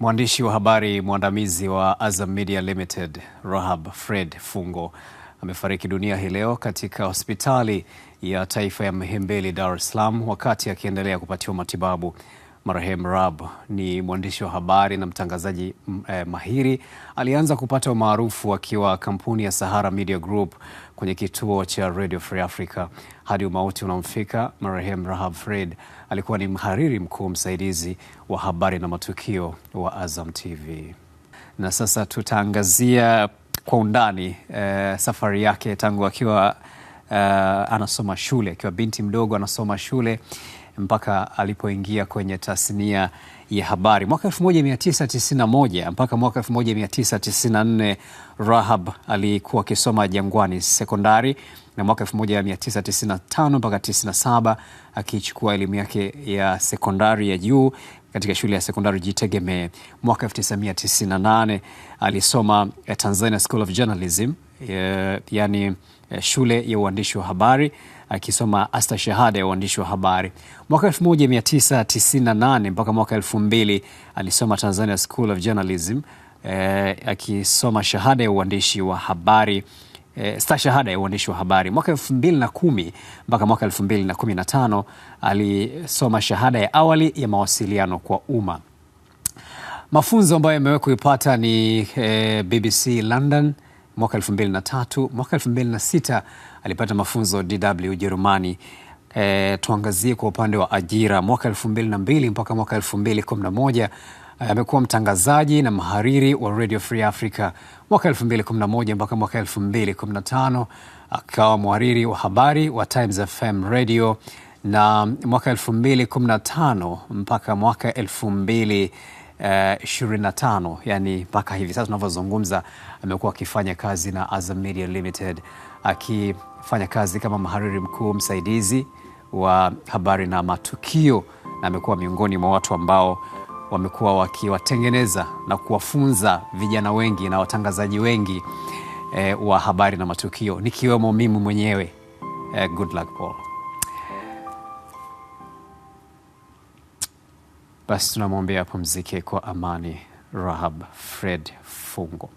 Mwandishi wa habari mwandamizi wa Azam Media Limited, Rahab Fred Fungo amefariki dunia hii leo katika hospitali ya taifa ya Muhimbili, Dar es Salaam wakati akiendelea kupatiwa matibabu. Marehemu Rab ni mwandishi wa habari na mtangazaji eh, mahiri. Alianza kupata umaarufu akiwa kampuni ya Sahara Media Group kwenye kituo cha Radio Free Africa. Hadi umauti unamfika, marehemu Rahab Fred alikuwa ni mhariri mkuu msaidizi wa habari na matukio wa Azam TV. Na sasa tutaangazia kwa undani eh, safari yake tangu akiwa Uh, anasoma shule akiwa binti mdogo anasoma shule mpaka alipoingia kwenye tasnia ya habari mwaka 1991 mpaka mwaka 1994. Rahab alikuwa akisoma Jangwani Sekondari na mwaka 1995 mpaka 97 akichukua elimu yake ya sekondari ya juu katika shule ya sekondari Jitegemee. Mwaka 1998 alisoma Tanzania School of Journalism Eh, yani eh, shule ya uandishi wa habari akisoma asta shahada ya uandishi wa habari mwaka 1998 mpaka mwaka 2000 alisoma Tanzania School of Journalism e, akisoma shahada ya uandishi wa habari E, stashahada ya uandishi wa habari mwaka 2010 mpaka mwaka 2015 alisoma shahada ya awali ya mawasiliano kwa umma. Mafunzo ambayo amewahi kuipata ni eh, BBC London mwaka tatu mwaka sita alipata mafunzo DW Ujerumani. E, tuangazie kwa upande wa ajira. Mwaka mbili mpaka mwaka moja e, amekuwa mtangazaji na mhariri wa Radio Free Africa. Mwaka moja mpaka mwaka tano akawa mhariri wa habari wa Times FM Radio na mwaka tano mpaka mwaka mbili 25 uh, eh, yani mpaka hivi sasa tunavyozungumza amekuwa akifanya kazi na Azam Media Limited akifanya kazi kama mhariri mkuu msaidizi wa habari na matukio, na amekuwa miongoni mwa watu ambao wamekuwa wakiwatengeneza na kuwafunza vijana wengi na watangazaji wengi eh, wa habari na matukio nikiwemo mimi mwenyewe eh, luck Paul. Basi tunamwombea apumzike kwa amani Rahab Fred Fungo.